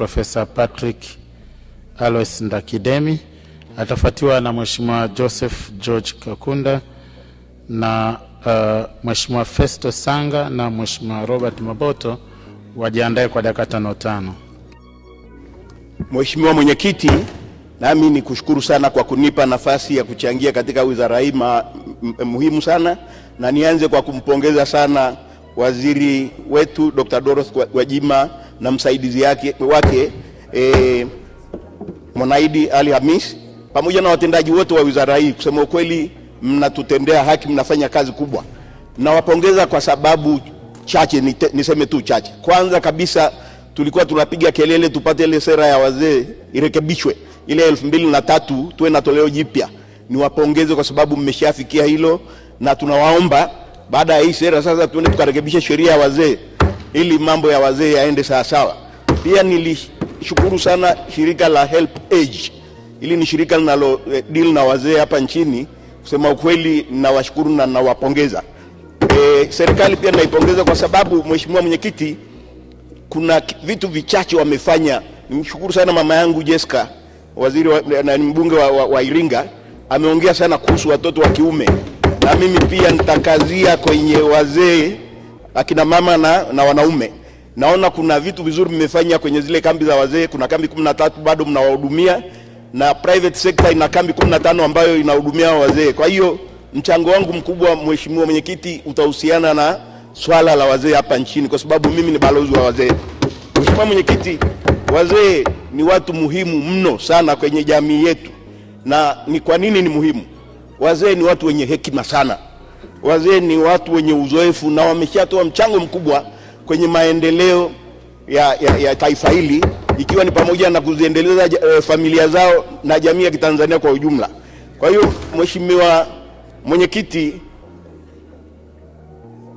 Profesa Patrick Alois Ndakidemi, atafuatiwa na Mheshimiwa Joseph George Kakunda na uh, Mheshimiwa Festo Sanga na Mheshimiwa Robert Maboto wajiandae kwa dakika tano tano. Mheshimiwa Mwenyekiti, nami ni kushukuru sana kwa kunipa nafasi ya kuchangia katika wizara hii muhimu sana, na nianze kwa kumpongeza sana waziri wetu Dr. Dorothy Gwajima na msaidizi yake, wake e, Mwanaidi Ali Hamis pamoja na watendaji wote wa wizara hii. Kusema ukweli, mnatutendea haki, mnafanya kazi kubwa. Nawapongeza kwa sababu chache, niseme tu chache. Kwanza kabisa tulikuwa tunapiga kelele tupate ile sera ya wazee irekebishwe, ile elfu mbili na tatu tuwe na toleo jipya. Niwapongeze kwa sababu mmeshafikia hilo, na tunawaomba baada ya hii sera sasa tuende tukarekebisha sheria ya wazee ili mambo ya wazee yaende sawasawa. Pia nilishukuru sana shirika la Help Age, ili ni shirika linalo eh, deal na wazee hapa nchini. Kusema ukweli, nawashukuru na nawapongeza. Eh, serikali pia naipongeza kwa sababu, mheshimiwa mwenyekiti, kuna vitu vichache wamefanya. Nimshukuru sana mama yangu Jessica, waziri wa, eh, na mbunge wa, wa, wa Iringa, ameongea sana kuhusu watoto wa kiume, na mimi pia nitakazia kwenye wazee akina mama na, na wanaume. Naona kuna vitu vizuri mmefanya kwenye zile kambi za wazee. Kuna kambi kumi na tatu bado mnawahudumia na private sector ina kambi 15 tano ambayo inahudumia wazee. Kwa hiyo mchango wangu mkubwa, Mheshimiwa Mwenyekiti, utahusiana na swala la wazee hapa nchini, kwa sababu mimi ni balozi wa wazee. Mheshimiwa Mwenyekiti, wazee ni watu muhimu mno sana kwenye jamii yetu. Na ni kwa nini ni muhimu? Wazee ni watu wenye hekima sana. Wazee ni watu wenye uzoefu na wameshatoa mchango mkubwa kwenye maendeleo ya, ya, ya taifa hili ikiwa ni pamoja na kuziendeleza eh, familia zao na jamii ya Kitanzania kwa ujumla. Kwa hiyo, Mheshimiwa Mwenyekiti,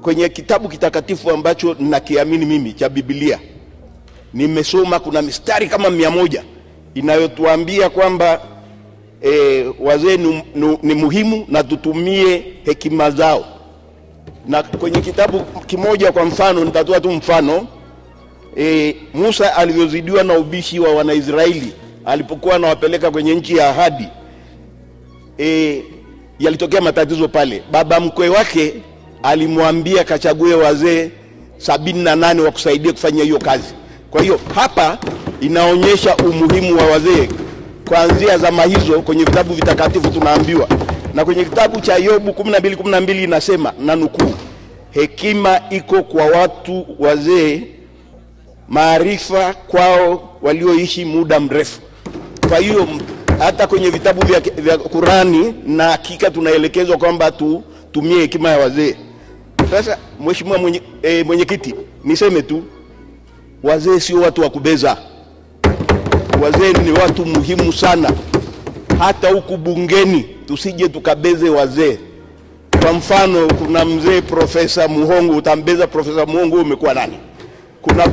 kwenye kitabu kitakatifu ambacho nakiamini mimi cha Biblia nimesoma kuna mistari kama mia moja inayotuambia kwamba e, wazee ni, ni muhimu na tutumie hekima zao. Na kwenye kitabu kimoja kwa mfano, nitatoa tu mfano e, Musa alivyozidiwa na ubishi wa Wanaisraeli alipokuwa anawapeleka kwenye nchi ya ahadi e, yalitokea matatizo pale. Baba mkwe wake alimwambia kachague wazee sabini na nane wakusaidia kufanya hiyo kazi. Kwa hiyo hapa inaonyesha umuhimu wa wazee. Kuanzia zama hizo kwenye vitabu vitakatifu tunaambiwa, na kwenye kitabu cha Yobu 12:12 12 inasema na nukuu, hekima iko kwa watu wazee, maarifa kwao walioishi muda mrefu. Kwa hiyo hata kwenye vitabu vya, vya Kurani na hakika tunaelekezwa kwamba tutumie hekima ya wazee. Sasa mheshimiwa mwenyekiti, e, eh, mwenyekiti, niseme tu wazee sio watu wa kubeza. Wazee ni watu muhimu sana, hata huku bungeni tusije tukabeze wazee. Kwa mfano, kuna mzee Profesa Muhongo, utambeza Profesa Muhongo, umekuwa nani? Kuna